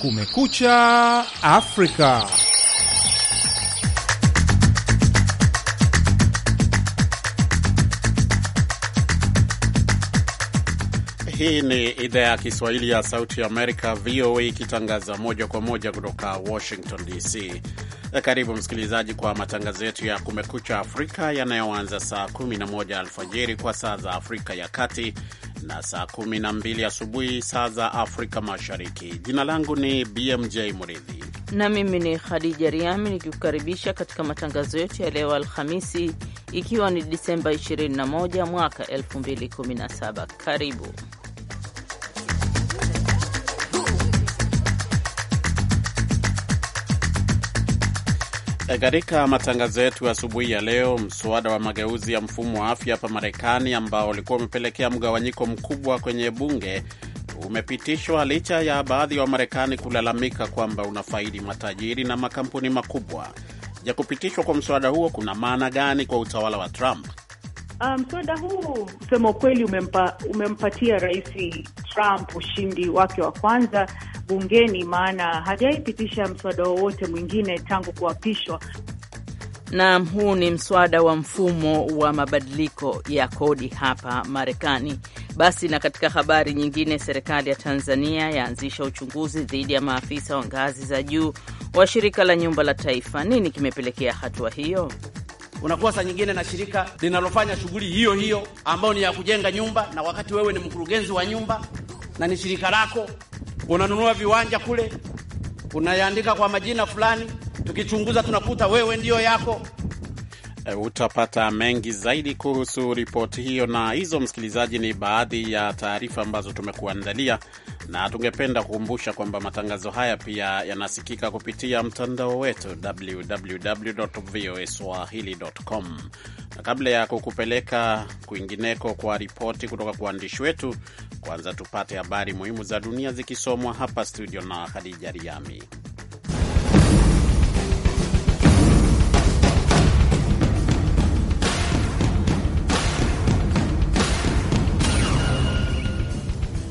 Kumekucha Afrika. Hii ni idhaa ya Kiswahili ya Sauti ya Amerika, VOA, ikitangaza moja kwa moja kutoka Washington DC. Eh, karibu msikilizaji kwa matangazo yetu ya Kumekucha Afrika yanayoanza saa 11 alfajiri kwa saa za Afrika ya Kati na saa na mbili asubuhi saa za Afrika Mashariki. Jina langu ni BMJ Muridhi na mimi ni Khadija Riami nikikukaribisha katika matangazo yetu ya leo Alhamisi, ikiwa ni Disemba 21 mwaka 2017. Karibu Katika matangazo yetu asubuhi ya leo, mswada wa mageuzi ya mfumo wa afya hapa Marekani ambao ulikuwa umepelekea mgawanyiko mkubwa kwenye bunge umepitishwa licha ya baadhi ya wa Wamarekani kulalamika kwamba unafaidi matajiri na makampuni makubwa. ja kupitishwa kwa mswada huo kuna maana gani kwa utawala wa Trump? Ah, mswada um, huu kusema ukweli, umempa, umempatia Rais Trump ushindi wake wa kwanza bungeni, maana hajaipitisha mswada wowote mwingine tangu kuapishwa. Naam, huu ni mswada wa mfumo wa mabadiliko ya kodi hapa Marekani. Basi na katika habari nyingine, serikali ya Tanzania yaanzisha uchunguzi dhidi ya maafisa wa ngazi za juu wa shirika la nyumba la taifa. Nini kimepelekea hatua hiyo? Unakuwa saa nyingine na shirika linalofanya shughuli hiyo hiyo ambayo ni ya kujenga nyumba, na wakati wewe ni mkurugenzi wa nyumba na ni shirika lako, unanunua viwanja kule, unayaandika kwa majina fulani, tukichunguza tunakuta wewe ndiyo yako. E, utapata mengi zaidi kuhusu ripoti hiyo na hizo, msikilizaji, ni baadhi ya taarifa ambazo tumekuandalia na tungependa kukumbusha kwamba matangazo haya pia yanasikika kupitia mtandao wetu www www.voaswahili.com. Na kabla ya kukupeleka kwingineko kwa ripoti kutoka kwa waandishi wetu, kwanza tupate habari muhimu za dunia zikisomwa hapa studio na Khadija Riami.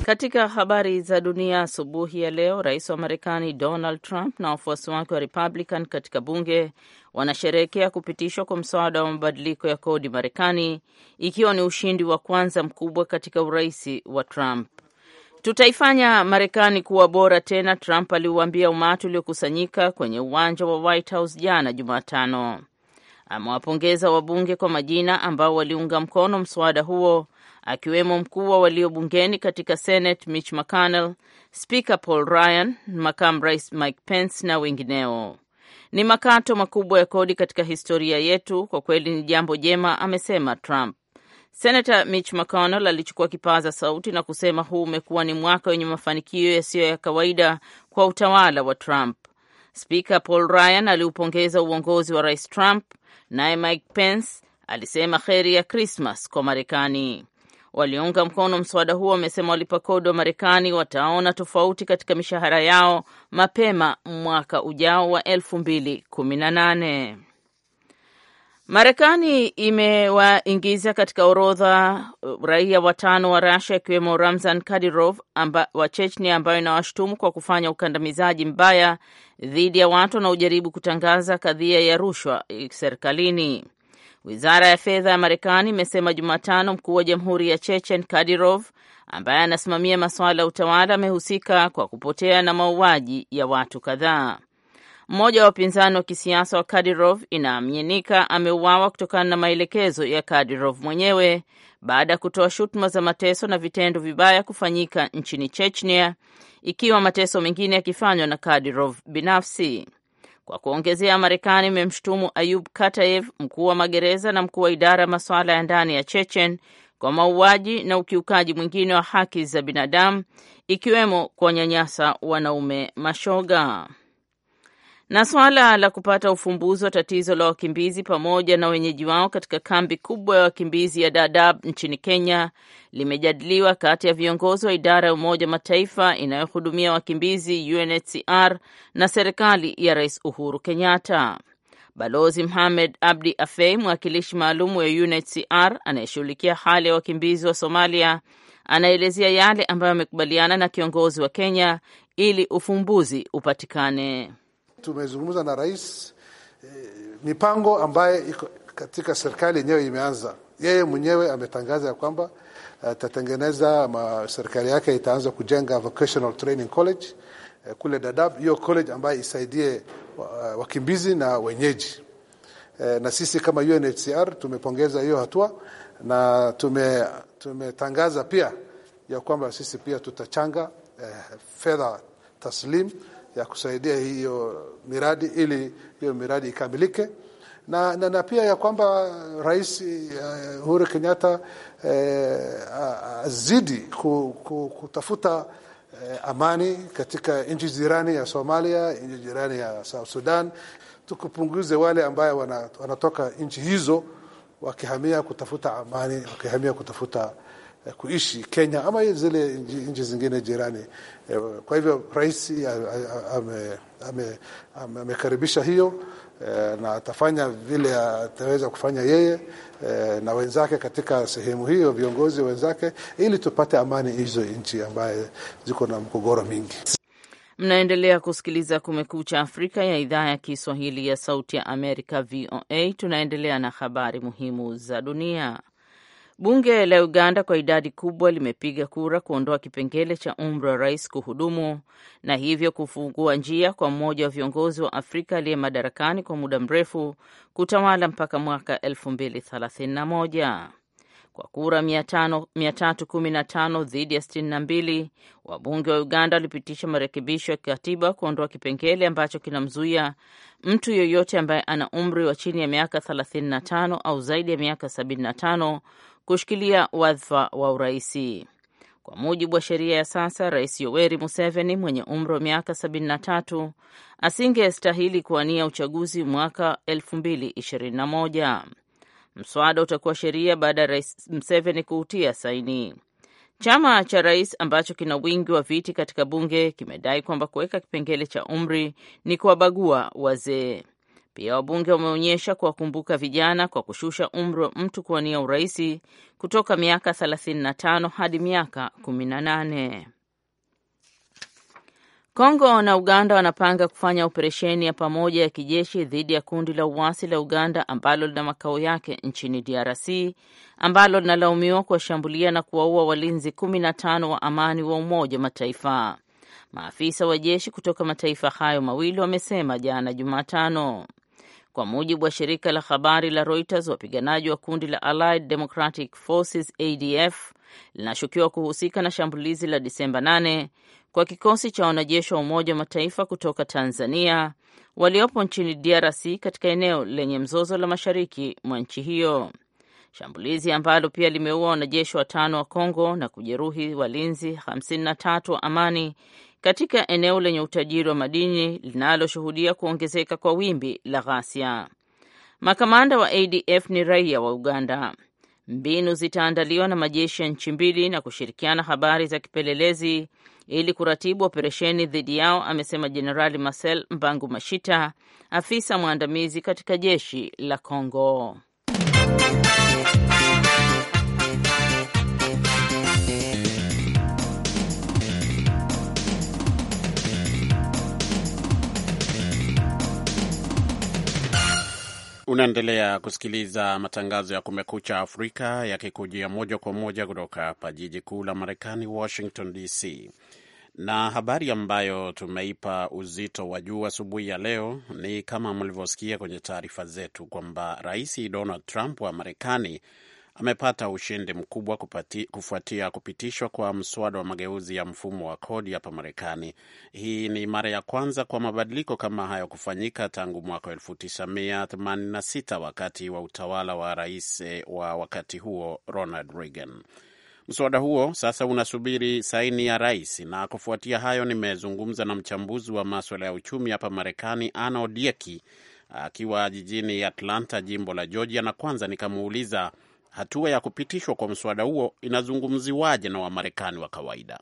Katika habari za dunia asubuhi ya leo, rais wa Marekani Donald Trump na wafuasi wake wa Republican katika bunge wanasherehekea kupitishwa kwa mswada wa mabadiliko ya kodi Marekani, ikiwa ni ushindi wa kwanza mkubwa katika urais wa Trump. Tutaifanya Marekani kuwa bora tena, Trump aliuambia umati uliokusanyika kwenye uwanja wa White House jana Jumatano. Amewapongeza wabunge kwa majina ambao waliunga mkono mswada huo akiwemo mkuu wa walio bungeni katika Senate Mitch McConnell, spika Paul Ryan, makamu rais Mike Pence na wengineo. Ni makato makubwa ya kodi katika historia yetu, kwa kweli ni jambo jema, amesema Trump. Senator Mitch McConnell alichukua kipaza sauti na kusema huu umekuwa ni mwaka wenye mafanikio yasiyo ya kawaida kwa utawala wa Trump. Spika Paul Ryan aliupongeza uongozi wa rais Trump, naye Mike Pence alisema heri ya Krismas kwa Marekani. Waliounga mkono mswada huo wamesema walipa kodi wa Marekani wataona tofauti katika mishahara yao mapema mwaka ujao wa 2018. Marekani imewaingiza katika orodha uh, raia watano wa Russia ikiwemo Ramzan kadirov amba, wa Chechnia ambayo inawashutumu kwa kufanya ukandamizaji mbaya dhidi ya watu wanaojaribu kutangaza kadhia ya rushwa serikalini. Wizara ya fedha ya Marekani imesema Jumatano mkuu wa jamhuri ya Chechen kadirov ambaye anasimamia masuala ya utawala amehusika kwa kupotea na mauaji ya watu kadhaa. Mmoja wa upinzani wa kisiasa wa kadirov inaaminika ameuawa kutokana na maelekezo ya kadirov mwenyewe baada ya kutoa shutuma za mateso na vitendo vibaya kufanyika nchini Chechnia, ikiwa mateso mengine yakifanywa na kadirov binafsi. Kwa kuongezea, Marekani imemshutumu Ayub Katayev, mkuu wa magereza na mkuu wa idara ya masuala ya ndani ya Chechen, kwa mauaji na ukiukaji mwingine wa haki za binadamu, ikiwemo kuwanyanyasa wanaume mashoga na swala la kupata ufumbuzi wa tatizo la wakimbizi pamoja na wenyeji wao katika kambi kubwa ya wakimbizi ya Dadaab nchini Kenya limejadiliwa kati ya viongozi wa idara ya Umoja Mataifa inayohudumia wakimbizi UNHCR na serikali ya Rais Uhuru Kenyatta. Balozi Mohamed Abdi afei mwakilishi maalum wa UNHCR anayeshughulikia hali ya wakimbizi wa Somalia, anaelezea yale ambayo amekubaliana na kiongozi wa Kenya ili ufumbuzi upatikane. Tumezungumza na rais e, mipango ambayo iko katika serikali yenyewe imeanza. Yeye mwenyewe ametangaza ya kwamba atatengeneza serikali yake itaanza kujenga vocational training college e, kule Dadaab, hiyo college ambayo isaidie eh, wakimbizi na wenyeji e, na sisi kama UNHCR tumepongeza hiyo hatua na tume tumetangaza pia ya kwamba sisi pia tutachanga e, fedha taslim ya kusaidia hiyo miradi ili hiyo miradi ikamilike na, na, na pia ya kwamba Rais eh, Uhuru Kenyatta uh, azidi ku, ku, kutafuta uh, amani katika nchi jirani ya Somalia, nchi jirani ya South Sudan, tukupunguze wale ambayo wanatoka nchi hizo wakihamia kutafuta amani, wakihamia kutafuta Eh, kuishi Kenya ama zile nchi zingine jirani. Eh, kwa hivyo rais amekaribisha hiyo eh, na atafanya vile ataweza kufanya yeye na wenzake katika sehemu hiyo, viongozi wenzake, ili tupate amani hizo nchi ambaye ziko na mgogoro mingi. Mnaendelea kusikiliza Kumekucha Afrika ya idhaa ya Kiswahili ya Sauti ya Amerika, VOA. Tunaendelea na habari muhimu za dunia. Bunge la Uganda kwa idadi kubwa limepiga kura kuondoa kipengele cha umri wa rais kuhudumu na hivyo kufungua njia kwa mmoja wa viongozi wa Afrika aliye madarakani kwa muda mrefu kutawala mpaka mwaka 2031. Kwa kura 315 dhidi ya 62, wabunge wa Uganda walipitisha marekebisho ya katiba kuondoa kipengele ambacho kinamzuia mtu yoyote ambaye ana umri wa chini ya miaka 35 au zaidi ya miaka 75 kushikilia wadhifa wa uraisi. Kwa mujibu wa sheria ya sasa, Rais Yoweri Museveni mwenye umri wa miaka 73 asingestahili kuwania uchaguzi mwaka 2021. Mswada utakuwa sheria baada ya Rais Museveni kuutia saini. Chama cha rais ambacho kina wingi wa viti katika bunge kimedai kwamba kuweka kipengele cha umri ni kuwabagua wazee. Pia wabunge wameonyesha kuwakumbuka vijana kwa kushusha umri wa mtu kuwania uraisi kutoka miaka 35 hadi miaka 18. Kongo na Uganda wanapanga kufanya operesheni ya pamoja ya kijeshi dhidi ya kundi la uasi la Uganda ambalo lina makao yake nchini DRC ambalo linalaumiwa kuwashambulia na kuwaua walinzi 15 wa amani wa Umoja wa Mataifa. Maafisa wa jeshi kutoka mataifa hayo mawili wamesema jana Jumatano. Kwa mujibu wa shirika la habari la Reuters, wapiganaji wa kundi la Allied Democratic Forces ADF linashukiwa kuhusika na shambulizi la Disemba 8 kwa kikosi cha wanajeshi wa Umoja wa Mataifa kutoka Tanzania waliopo nchini DRC katika eneo lenye mzozo la mashariki mwa nchi hiyo, shambulizi ambalo pia limeua wanajeshi watano wa Kongo na kujeruhi walinzi 53 wa amani katika eneo lenye utajiri wa madini linaloshuhudia kuongezeka kwa wimbi la ghasia. Makamanda wa ADF ni raia wa Uganda. Mbinu zitaandaliwa na majeshi ya nchi mbili na kushirikiana habari za kipelelezi ili kuratibu operesheni dhidi yao, amesema Jenerali Marcel Mbangu Mashita, afisa mwandamizi katika jeshi la congo Unaendelea kusikiliza matangazo ya Kumekucha Afrika yakikujia moja kwa moja kutoka hapa jiji kuu la Marekani, Washington DC. Na habari ambayo tumeipa uzito wa juu asubuhi ya leo ni kama mlivyosikia kwenye taarifa zetu kwamba Rais Donald Trump wa Marekani amepata ushindi mkubwa kupati, kufuatia kupitishwa kwa mswada wa mageuzi ya mfumo wa kodi hapa Marekani. Hii ni mara ya kwanza kwa mabadiliko kama hayo kufanyika tangu mwaka 1986 wakati wa utawala wa rais eh, wa wakati huo Ronald Reagan. Mswada huo sasa unasubiri saini ya rais, na kufuatia hayo nimezungumza na mchambuzi wa maswala ya uchumi hapa Marekani, anodieki akiwa jijini Atlanta, jimbo la Georgia, na kwanza nikamuuliza hatua ya kupitishwa kwa mswada huo inazungumziwaje na Wamarekani wa kawaida?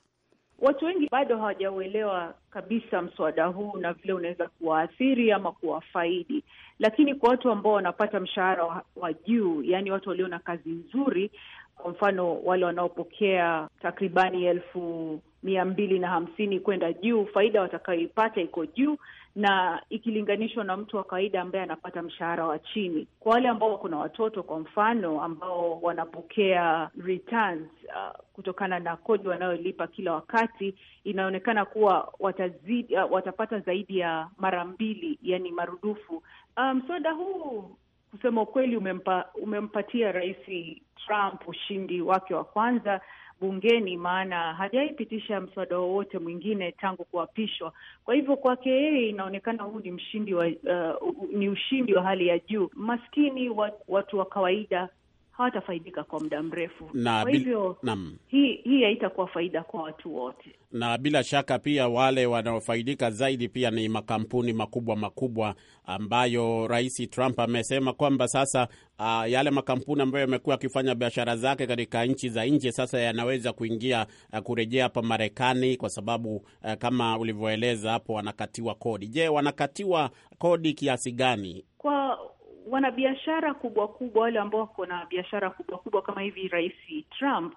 Watu wengi bado hawajauelewa kabisa mswada huu na vile unaweza kuwaathiri ama kuwafaidi, lakini kwa watu ambao wanapata mshahara wa juu, yaani watu walio na kazi nzuri, kwa mfano wale wanaopokea takribani elfu mia mbili na hamsini kwenda juu, faida watakayoipata iko juu, na ikilinganishwa na mtu wa kawaida ambaye anapata mshahara wa chini. Kwa wale ambao wako na watoto, kwa mfano, ambao wanapokea returns, uh, kutokana na kodi wanayolipa kila wakati, inaonekana kuwa watazidi, uh, watapata zaidi ya mara mbili, yani marudufu. Mswada um, huu kusema ukweli, umempa, umempatia Rais Trump ushindi wake wa kwanza bungeni, maana hajaipitisha mswada wowote mwingine tangu kuapishwa. Kwa hivyo kwake yeye inaonekana huu ni mshindi wa, uh, ni ushindi wa hali ya juu. Maskini watu wa kawaida hawatafaidika kwa muda mrefu. Kwa hivyo hii haitakuwa faida kwa watu wote, na bila shaka pia wale wanaofaidika zaidi pia ni makampuni makubwa makubwa ambayo Rais Trump amesema kwamba sasa uh, yale makampuni ambayo yamekuwa yakifanya biashara zake katika nchi za nje sasa yanaweza kuingia uh, kurejea hapa Marekani kwa sababu uh, kama ulivyoeleza hapo wanakatiwa kodi. Je, wanakatiwa kodi kiasi gani kwa wanabiashara kubwa kubwa, wale ambao wako na biashara kubwa kubwa kama hivi Rais Trump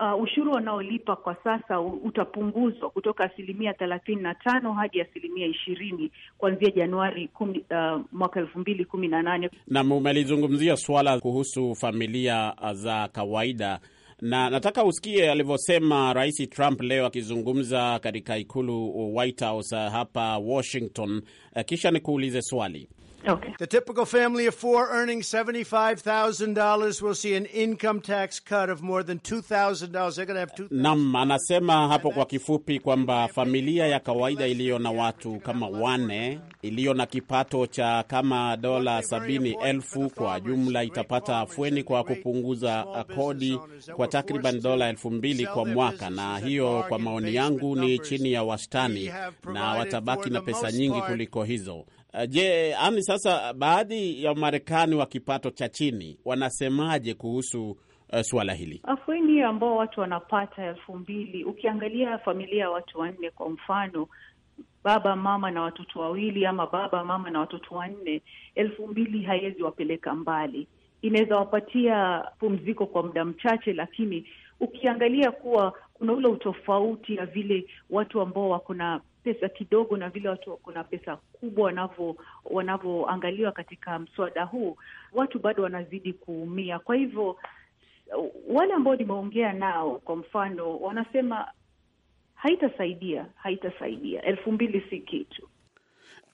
Uh, ushuru wanaolipa kwa sasa utapunguzwa kutoka asilimia thelathini na tano hadi asilimia ishirini kuanzia Januari kumi, uh, mwaka elfu mbili kumi na nane. Nam, umelizungumzia swala kuhusu familia uh, za kawaida, na nataka usikie alivyosema Rais Trump leo akizungumza katika ikulu White House uh, hapa Washington, uh, kisha nikuulize swali. Okay. The typical family of four earning $75,000 will see an income tax cut of more than $2,000. They're going to have $2,000. Nam anasema hapo kwa kifupi kwamba familia ya kawaida iliyo na watu kama wane iliyo na kipato cha kama dola sabini elfu kwa jumla itapata afueni kwa kupunguza kodi kwa takriban dola elfu mbili kwa mwaka, na hiyo kwa maoni yangu ni chini ya wastani, na watabaki na pesa nyingi kuliko hizo. Eh, je, ami sasa, baadhi ya Marekani wa kipato cha chini wanasemaje kuhusu eh, suala hili? Afueni ambao watu wanapata elfu mbili, ukiangalia familia ya watu wanne kwa mfano, baba mama na watoto wawili, ama baba mama na watoto wanne, elfu mbili haiwezi wapeleka mbali. Inaweza wapatia pumziko kwa muda mchache, lakini ukiangalia kuwa kuna ule utofauti ya vile watu ambao wako na pesa kidogo na vile watu wako na pesa kubwa wanavyo wanavyoangaliwa katika mswada huu, watu bado wanazidi kuumia. Kwa hivyo wale ambao nimeongea nao, kwa mfano, wanasema haitasaidia, haitasaidia. elfu mbili si kitu.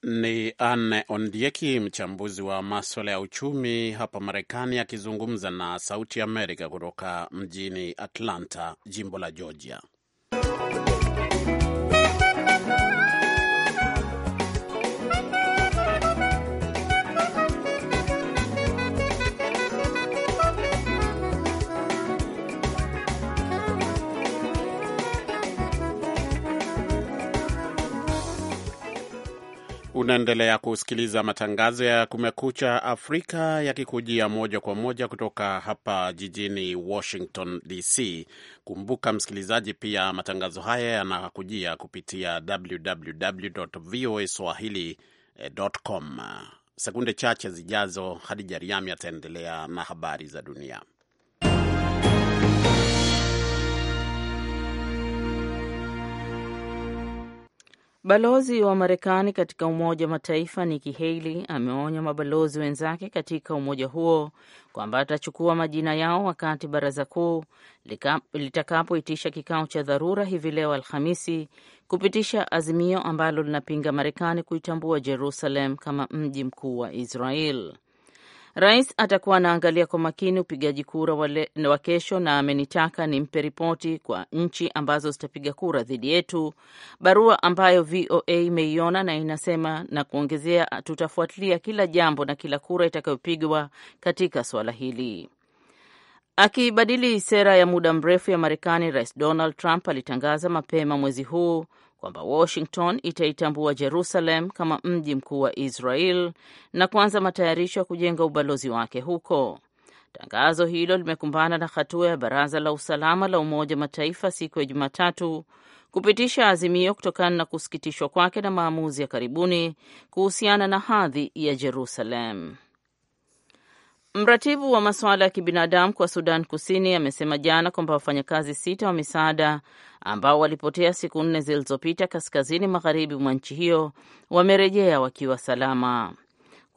Ni Anne Ondieki, mchambuzi wa maswala ya uchumi hapa Marekani, akizungumza na Sauti Amerika kutoka mjini Atlanta, jimbo la Georgia. Unaendelea kusikiliza matangazo ya Kumekucha Afrika yakikujia moja kwa moja kutoka hapa jijini Washington DC. Kumbuka msikilizaji, pia matangazo haya yanakujia kupitia www voa swahili.com. Sekunde chache zijazo, Hadija Riami ataendelea na habari za dunia. Balozi wa Marekani katika Umoja wa Mataifa Nikki Haley ameonya mabalozi wenzake katika umoja huo kwamba atachukua majina yao wakati baraza kuu litakapoitisha kikao cha dharura hivi leo Alhamisi kupitisha azimio ambalo linapinga Marekani kuitambua Jerusalem kama mji mkuu wa Israel. Rais atakuwa anaangalia kwa makini upigaji kura wa kesho na amenitaka nimpe ripoti kwa nchi ambazo zitapiga kura dhidi yetu, barua ambayo VOA imeiona na inasema na kuongezea, tutafuatilia kila jambo na kila kura itakayopigwa katika suala hili. Akibadili sera ya muda mrefu ya Marekani, Rais Donald Trump alitangaza mapema mwezi huu kwamba Washington itaitambua Jerusalem kama mji mkuu wa Israel na kuanza matayarisho ya kujenga ubalozi wake huko. Tangazo hilo limekumbana na hatua ya Baraza la Usalama la Umoja wa Mataifa siku ya Jumatatu kupitisha azimio kutokana na kusikitishwa kwake na maamuzi ya karibuni kuhusiana na hadhi ya Jerusalem. Mratibu wa masuala ya kibinadamu kwa Sudan Kusini amesema jana kwamba wafanyakazi sita wa misaada ambao walipotea siku nne zilizopita kaskazini magharibi mwa nchi hiyo wamerejea wakiwa salama.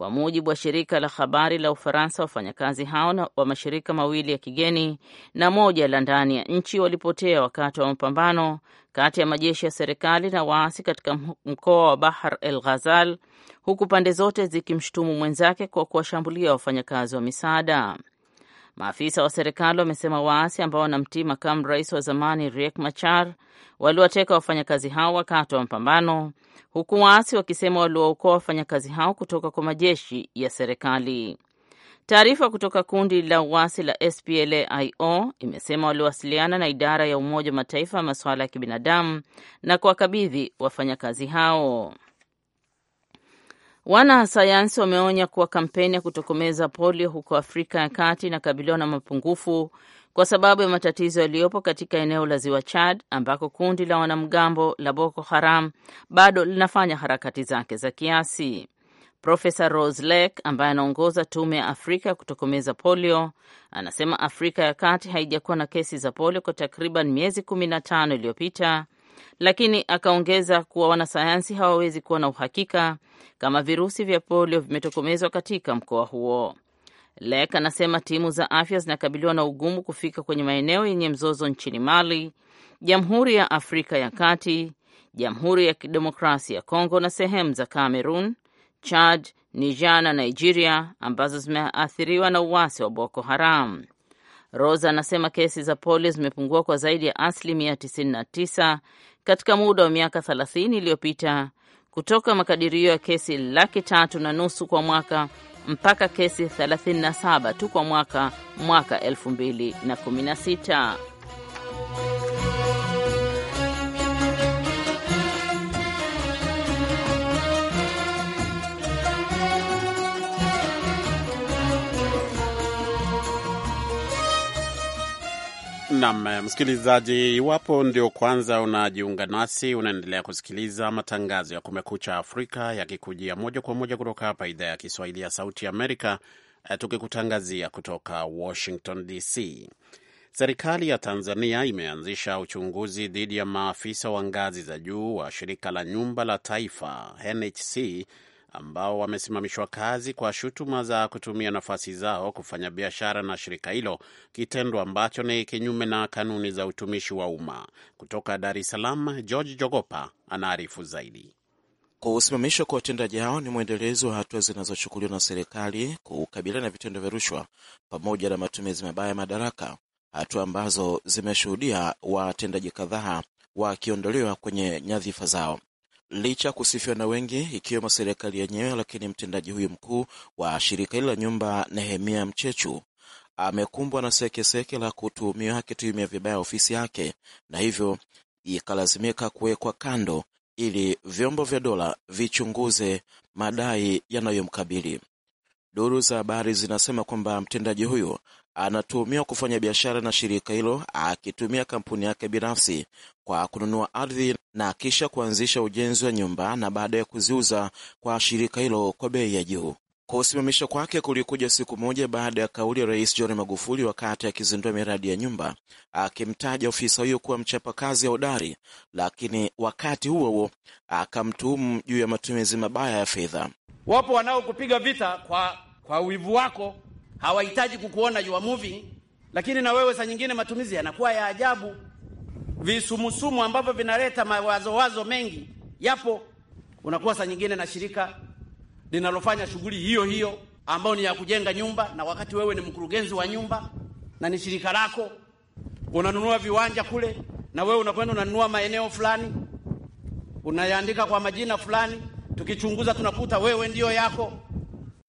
Kwa mujibu wa shirika la habari la Ufaransa, wafanyakazi hao wa mashirika mawili ya kigeni na moja la ndani ya nchi walipotea wakati wa mapambano kati ya majeshi ya serikali na waasi katika mkoa wa Bahar el Ghazal, huku pande zote zikimshutumu mwenzake kwa kuwashambulia wafanyakazi wa misaada. Maafisa wa serikali wamesema waasi ambao wanamtii makamu rais wa zamani Riek Machar waliwateka wafanyakazi hao wakati wa mapambano, huku waasi wakisema waliwaokoa wafanyakazi hao kutoka kwa majeshi ya serikali. Taarifa kutoka kundi la uasi la SPLAIO imesema waliwasiliana na idara ya Umoja wa Mataifa ya masuala ya kibinadamu na kuwakabidhi wafanyakazi hao. Wanasayansi wameonya kuwa kampeni ya kutokomeza polio huko Afrika ya Kati inakabiliwa na mapungufu kwa sababu ya matatizo yaliyopo katika eneo la Ziwa Chad ambako kundi la wanamgambo la Boko Haram bado linafanya harakati zake za kiasi. Profesa Rose Lake ambaye anaongoza tume ya Afrika ya kutokomeza polio anasema Afrika ya Kati haijakuwa na kesi za polio kwa takriban miezi tano iliyopita lakini akaongeza kuwa wanasayansi hawawezi kuwa na uhakika kama virusi vya polio vimetokomezwa katika mkoa huo. Lek anasema timu za afya zinakabiliwa na ugumu kufika kwenye maeneo yenye mzozo nchini Mali, Jamhuri ya Afrika ya Kati, Jamhuri ya Kidemokrasia ya Kongo na sehemu za Cameroon, Chad, Niger na Nigeria ambazo zimeathiriwa na uasi wa Boko Haram. Rosa anasema kesi za polio zimepungua kwa zaidi ya asilimia 99 katika muda wa miaka 30 iliyopita kutoka makadirio ya kesi laki tatu na nusu kwa mwaka mpaka kesi 37 tu kwa mwaka mwaka 2016. Nam msikilizaji, iwapo ndio kwanza unajiunga nasi, unaendelea kusikiliza matangazo ya Kumekucha Afrika yakikujia moja kwa moja kutoka hapa idhaa ya Kiswahili ya Sauti Amerika, eh, tukikutangazia kutoka Washington DC. Serikali ya Tanzania imeanzisha uchunguzi dhidi ya maafisa wa ngazi za juu wa shirika la nyumba la taifa NHC ambao wamesimamishwa kazi kwa shutuma za kutumia nafasi zao kufanya biashara na shirika hilo, kitendo ambacho ni kinyume na kanuni za utumishi wa umma. Kutoka Dar es Salaam, George Jogopa anaarifu zaidi. Kusimamishwa kwa watendaji hao ni mwendelezo wa hatua zinazochukuliwa na serikali kukabiliana na vitendo vya rushwa pamoja na matumizi mabaya ya madaraka, hatua ambazo zimeshuhudia watendaji kadhaa wakiondolewa kwenye nyadhifa zao licha ya kusifiwa na wengi ikiwemo serikali yenyewe, lakini mtendaji huyu mkuu wa shirika hili la nyumba, Nehemia Mchechu, amekumbwa na sekeseke la kutuhumiwa akitumia vibaya ofisi yake na hivyo ikalazimika kuwekwa kando ili vyombo vya dola vichunguze madai yanayomkabili. Duru za habari zinasema kwamba mtendaji huyo anatuhumiwa kufanya biashara na shirika hilo akitumia kampuni yake binafsi kwa kununua ardhi na kisha kuanzisha ujenzi wa nyumba na baada ya kuziuza kwa shirika hilo kwa bei ya juu. Kusimamisha kwake kulikuja siku moja baada ya kauli ya Rais John Magufuli wakati akizindua miradi ya nyumba, akimtaja ofisa huyo kuwa mchapakazi hodari, lakini wakati huo huo akamtuhumu juu ya matumizi mabaya ya fedha. Wapo wanaokupiga vita kwa, kwa wivu wako hawahitaji kukuona you are moving, lakini na wewe saa nyingine matumizi yanakuwa ya ajabu. Visumusumu ambavyo vinaleta mawazo wazo mengi yapo. Unakuwa saa nyingine na shirika linalofanya shughuli hiyo hiyo ambayo ni ya kujenga nyumba, na wakati wewe ni mkurugenzi wa nyumba na ni shirika lako, unanunua viwanja kule, na wewe unakwenda unanunua maeneo fulani, unayaandika kwa majina fulani, tukichunguza tunakuta wewe ndiyo yako.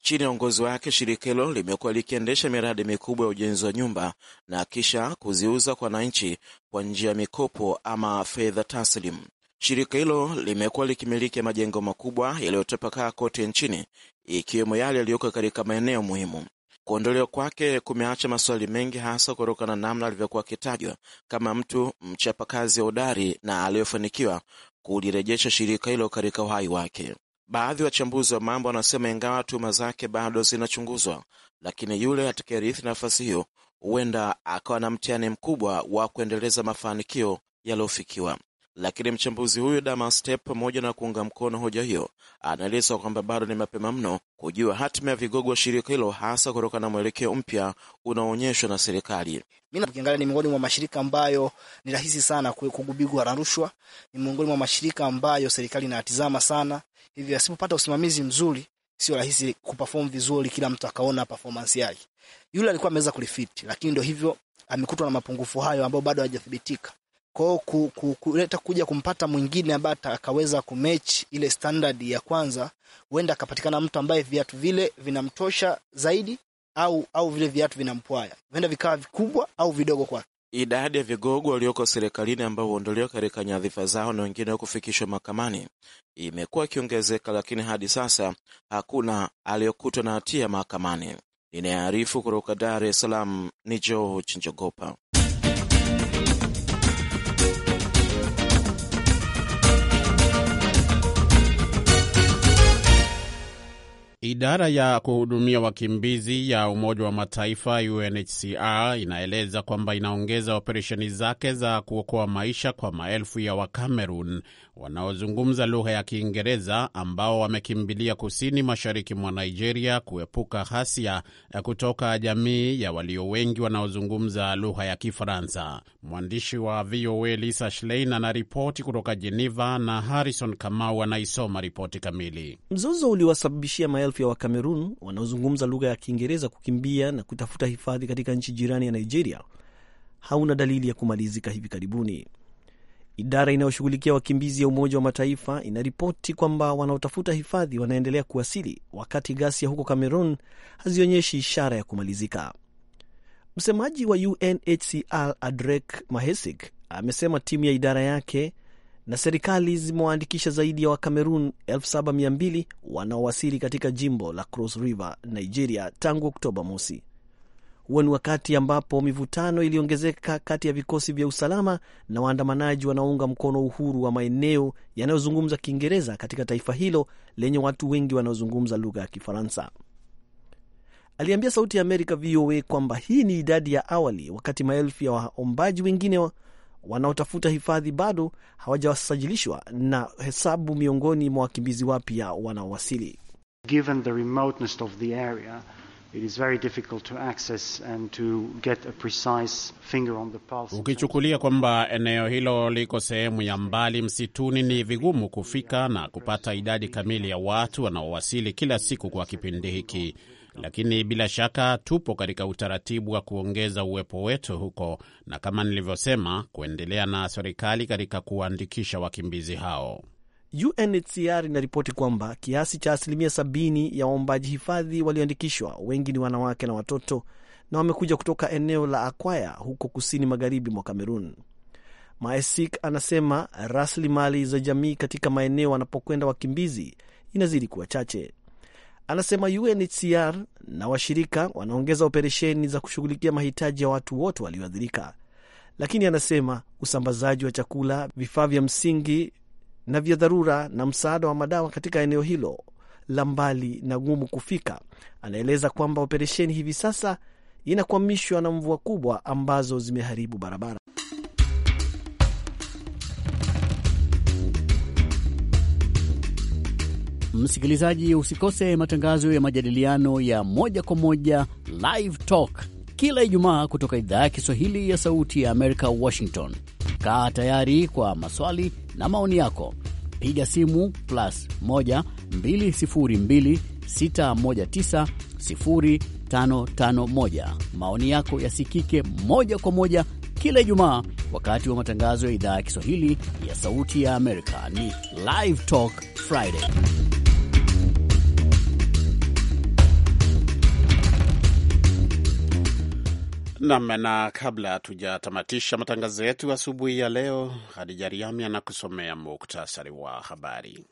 Chini ya uongozi wake, shirika hilo limekuwa likiendesha miradi mikubwa ya ujenzi wa nyumba na kisha kuziuza kwa wananchi kwa njia ya mikopo ama fedha taslim. Shirika hilo limekuwa likimiliki majengo makubwa yaliyotapakaa kote nchini, ikiwemo yale yaliyoko katika maeneo muhimu. Kuondolewa kwake kumeacha maswali mengi, hasa kutokana na namna alivyokuwa akitajwa kama mtu mchapakazi hodari na aliyofanikiwa kulirejesha shirika hilo katika uhai wake. Baadhi ya wachambuzi wa mambo wanasema ingawa tuhuma zake bado zinachunguzwa, lakini yule atakayerithi nafasi hiyo huenda akawa na mtihani mkubwa wa kuendeleza mafanikio yaliyofikiwa. Lakini mchambuzi huyu Damas Step, pamoja na kuunga mkono hoja hiyo, anaeleza kwamba bado ni mapema mno kujua hatima ya vigogo wa shirika hilo, hasa kutokana na mwelekeo mpya unaoonyeshwa na serikali. ukiangalia ni miongoni mwa mashirika ambayo ni rahisi sana kugubigwa na rushwa, ni miongoni mwa mashirika ambayo serikali inatizama sana, hivyo asipopata usimamizi mzuri sio rahisi kuperform vizuri, kila mtu akaona performance yake. Yule alikuwa ameweza kulifit, lakini ndio hivyo amekutwa na mapungufu hayo ambayo bado hajathibitika. Kwa hiyo ku, ku, kuleta kuja kumpata mwingine ambaye akaweza kumech ile standard ya kwanza, huenda akapatikana mtu ambaye viatu vile vinamtosha zaidi au au vile viatu vinampwaya, huenda vikawa vikubwa au vidogo kwake. Idadi ya vigogo walioko serikalini ambao huondolewa katika nyadhifa zao na wengine kufikishwa mahakamani imekuwa ikiongezeka, lakini hadi sasa hakuna aliyokutwa na hatia mahakamani. Inayoarifu kutoka Dar es Salaam ni George Njogopa. Idara ya kuhudumia wakimbizi ya Umoja wa Mataifa UNHCR inaeleza kwamba inaongeza operesheni zake za kuokoa maisha kwa maelfu ya Wakamerun wanaozungumza lugha ya Kiingereza ambao wamekimbilia kusini mashariki mwa Nigeria kuepuka ghasia kutoka jamii ya walio wengi wanaozungumza lugha ya Kifaransa. Mwandishi wa VOA Lisa Schlein anaripoti kutoka Jeneva na Harrison Kamau anaisoma ripoti kamili. Mzozo uliwasababishia maelfu ya Wakamerun wanaozungumza lugha ya Kiingereza kukimbia na kutafuta hifadhi katika nchi jirani ya Nigeria hauna dalili ya kumalizika hivi karibuni. Idara inayoshughulikia wakimbizi ya Umoja wa Mataifa inaripoti kwamba wanaotafuta hifadhi wanaendelea kuwasili, wakati ghasia huko Cameroon hazionyeshi ishara ya kumalizika. Msemaji wa UNHCR Adrek Mahesik amesema timu ya idara yake na serikali zimewaandikisha zaidi ya Wakamerun 7200 wanaowasili katika jimbo la Cross River, Nigeria tangu Oktoba mosi. Huo ni wakati ambapo mivutano iliongezeka kati ya vikosi vya usalama na waandamanaji wanaounga mkono uhuru wa maeneo yanayozungumza Kiingereza katika taifa hilo lenye watu wengi wanaozungumza lugha ya Kifaransa. Aliambia Sauti ya Amerika VOA kwamba hii ni idadi ya awali, wakati maelfu ya waombaji wengine wa wanaotafuta hifadhi bado hawajawasajilishwa na hesabu miongoni mwa wakimbizi wapya wanaowasili. Given the remoteness of the area, it is very difficult to access and to get a precise finger on the pulse. Ukichukulia kwamba eneo hilo liko sehemu ya mbali msituni, ni vigumu kufika na kupata idadi kamili ya watu wanaowasili kila siku kwa kipindi hiki lakini bila shaka tupo katika utaratibu wa kuongeza uwepo wetu huko, na kama nilivyosema, kuendelea na serikali katika kuwaandikisha wakimbizi hao. UNHCR inaripoti kwamba kiasi cha asilimia sabini ya waombaji hifadhi walioandikishwa, wengi ni wanawake na watoto, na wamekuja kutoka eneo la Akwaya huko kusini magharibi mwa Kamerun. Maesik anasema rasilimali za jamii katika maeneo wanapokwenda wakimbizi inazidi kuwa chache. Anasema UNHCR na washirika wanaongeza operesheni za kushughulikia mahitaji ya watu wote walioathirika, lakini anasema usambazaji wa chakula, vifaa vya msingi na vya dharura na msaada wa madawa katika eneo hilo la mbali na gumu kufika. Anaeleza kwamba operesheni hivi sasa inakwamishwa na mvua kubwa ambazo zimeharibu barabara. Msikilizaji, usikose matangazo ya majadiliano ya moja kwa moja Live Talk kila Ijumaa kutoka idhaa ya Kiswahili ya Sauti ya Amerika, Washington. Kaa tayari kwa maswali na maoni yako, piga simu plus 1 202 619 0551. Maoni yako yasikike moja kwa moja kila Ijumaa wakati wa matangazo ya idhaa ya Kiswahili ya Sauti ya Amerika. Ni Live Talk Friday. Nam, na kabla tujatamatisha matangazo yetu asubuhi ya leo, Hadija Riami anakusomea muktasari wa habari.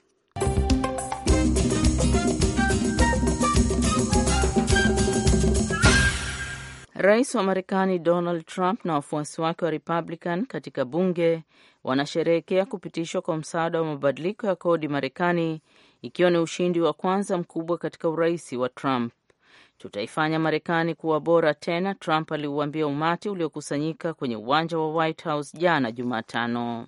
Rais wa Marekani Donald Trump na wafuasi wake wa Republican katika bunge wanasherehekea kupitishwa kwa msaada wa mabadiliko ya kodi Marekani, ikiwa ni ushindi wa kwanza mkubwa katika urais wa Trump. Tutaifanya Marekani kuwa bora tena, Trump aliuambia umati uliokusanyika kwenye uwanja wa White House jana Jumatano.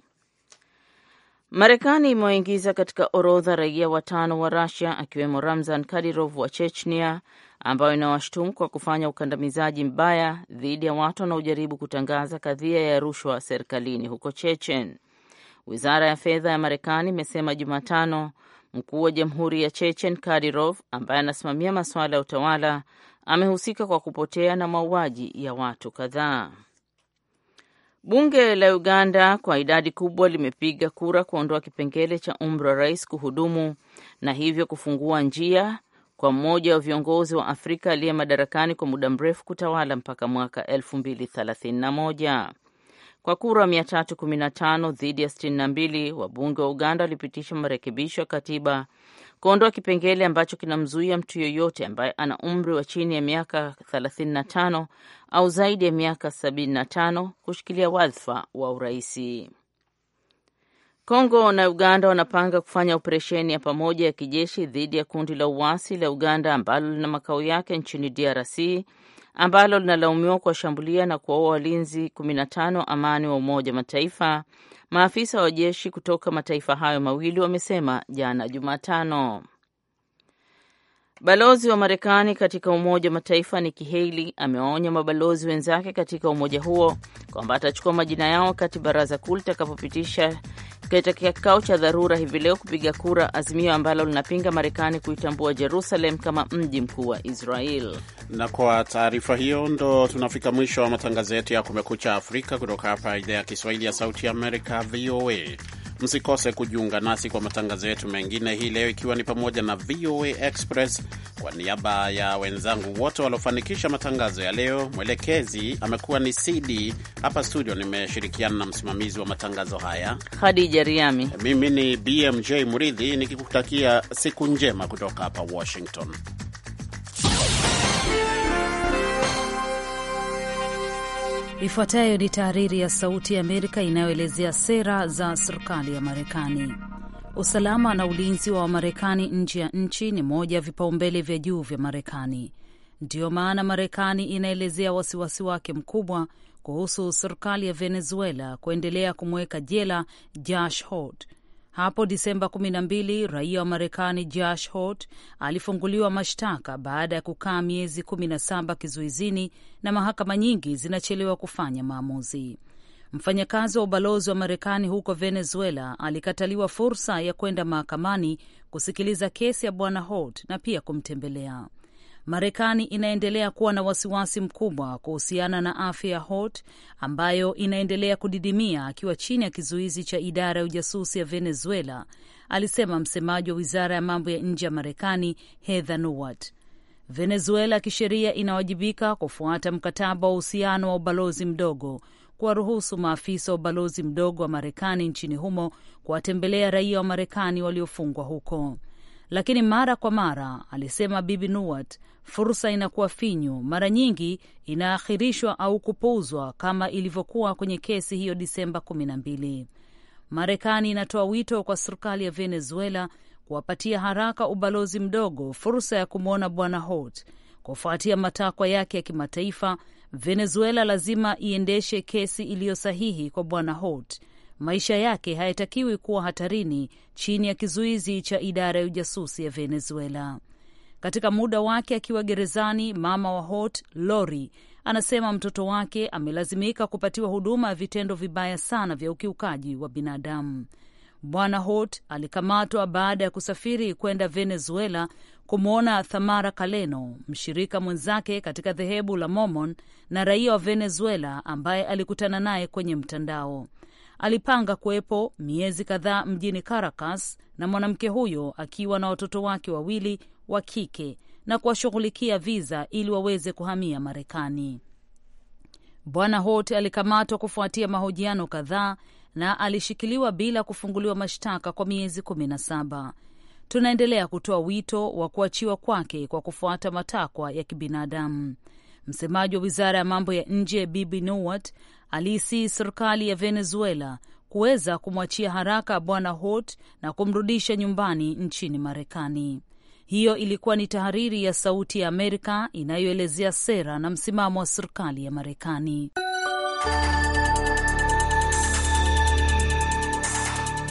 Marekani imewaingiza katika orodha raia watano wa Rusia akiwemo Ramzan Kadirov wa Chechnia, ambayo inawashtumu kwa kufanya ukandamizaji mbaya dhidi ya watu wanaojaribu kutangaza kadhia ya rushwa serikalini huko Chechen. Wizara ya fedha ya Marekani imesema Jumatano mkuu wa jamhuri ya Chechen Kadirov, ambaye anasimamia masuala ya utawala, amehusika kwa kupotea na mauaji ya watu kadhaa. Bunge la Uganda kwa idadi kubwa limepiga kura kuondoa kipengele cha umri wa rais kuhudumu na hivyo kufungua njia kwa mmoja wa viongozi wa Afrika aliye madarakani kwa muda mrefu kutawala mpaka mwaka 2031. Kwa kura 315 dhidi ya 62, wabunge wa Uganda walipitisha marekebisho ya katiba kuondoa kipengele ambacho kinamzuia mtu yoyote ambaye ana umri wa chini ya miaka 35 au zaidi ya miaka 75 kushikilia wadhifa wa uraisi. Kongo na Uganda wanapanga kufanya operesheni ya pamoja ya kijeshi dhidi ya kundi la uasi la Uganda ambalo lina makao yake nchini DRC ambalo linalaumiwa kuwashambulia na kuwaua walinzi 15 amani wa Umoja wa Mataifa. Maafisa wa jeshi kutoka mataifa hayo mawili wamesema jana Jumatano. Balozi wa Marekani katika Umoja wa Mataifa Nikki Haley amewaonya mabalozi wenzake katika umoja huo kwamba atachukua majina yao wakati baraza kuu litakapopitisha katika kikao cha dharura hivi leo kupiga kura azimio ambalo linapinga Marekani kuitambua Jerusalem kama mji mkuu wa Israel. Na kwa taarifa hiyo ndo tunafika mwisho wa matangazo yetu ya Kumekucha Afrika kutoka hapa idhaa ya Kiswahili ya Sauti ya Amerika, VOA. Msikose kujiunga nasi kwa matangazo yetu mengine hii leo, ikiwa ni pamoja na VOA Express. Kwa niaba ya wenzangu wote waliofanikisha matangazo ya leo, mwelekezi amekuwa ni CD hapa studio, nimeshirikiana na msimamizi wa matangazo haya Hadija Riami. Mimi ni BMJ Muridhi nikikutakia siku njema kutoka hapa Washington. Ifuatayo ni tahariri ya Sauti ya Amerika inayoelezea sera za serikali ya Marekani. Usalama na ulinzi wa Wamarekani nje ya nchi ni moja ya vipaumbele vya juu vya Marekani. Ndiyo maana Marekani inaelezea wasiwasi wake mkubwa kuhusu serikali ya Venezuela kuendelea kumweka jela Josh Hort hapo Disemba 12 raia wa Marekani Josh hot alifunguliwa mashtaka baada ya kukaa miezi 17 kizuizini na mahakama nyingi zinachelewa kufanya maamuzi. Mfanyakazi wa ubalozi wa Marekani huko Venezuela alikataliwa fursa ya kwenda mahakamani kusikiliza kesi ya bwana Hort na pia kumtembelea. Marekani inaendelea kuwa na wasiwasi mkubwa kuhusiana na afya ya Holt ambayo inaendelea kudidimia akiwa chini ya kizuizi cha idara ya ujasusi ya Venezuela, alisema msemaji wa wizara ya mambo ya nje ya Marekani Heather Nauert. Venezuela kisheria inawajibika kufuata mkataba wa uhusiano wa ubalozi mdogo kuwaruhusu maafisa wa ubalozi mdogo wa Marekani nchini humo kuwatembelea raia wa Marekani waliofungwa huko lakini mara kwa mara, alisema Bibi Nuwat, fursa inakuwa finyu, mara nyingi inaahirishwa au kupuuzwa, kama ilivyokuwa kwenye kesi hiyo Disemba kumi na mbili. Marekani inatoa wito kwa serikali ya Venezuela kuwapatia haraka ubalozi mdogo fursa ya kumwona Bwana Holt. Kufuatia matakwa yake ya kimataifa, Venezuela lazima iendeshe kesi iliyo sahihi kwa Bwana Holt maisha yake hayatakiwi kuwa hatarini chini ya kizuizi cha idara ya ujasusi ya Venezuela. Katika muda wake akiwa gerezani, mama wa Hot Lori anasema mtoto wake amelazimika kupatiwa huduma ya vitendo vibaya sana vya ukiukaji wa binadamu. Bwana Hot alikamatwa baada ya kusafiri kwenda Venezuela kumwona Thamara Kaleno, mshirika mwenzake katika dhehebu la Mormon na raia wa Venezuela ambaye alikutana naye kwenye mtandao. Alipanga kuwepo miezi kadhaa mjini Caracas na mwanamke huyo akiwa na watoto wake wawili wa kike na kuwashughulikia viza ili waweze kuhamia Marekani. Bwana Holt alikamatwa kufuatia mahojiano kadhaa na alishikiliwa bila kufunguliwa mashtaka kwa miezi kumi na saba. Tunaendelea kutoa wito wa kuachiwa kwake kwa kufuata matakwa ya kibinadamu. Msemaji wa wizara ya mambo ya nje Bibi Nowat aliisii serikali ya Venezuela kuweza kumwachia haraka Bwana Holt na kumrudisha nyumbani nchini Marekani. Hiyo ilikuwa ni tahariri ya Sauti ya Amerika inayoelezea sera na msimamo wa serikali ya Marekani.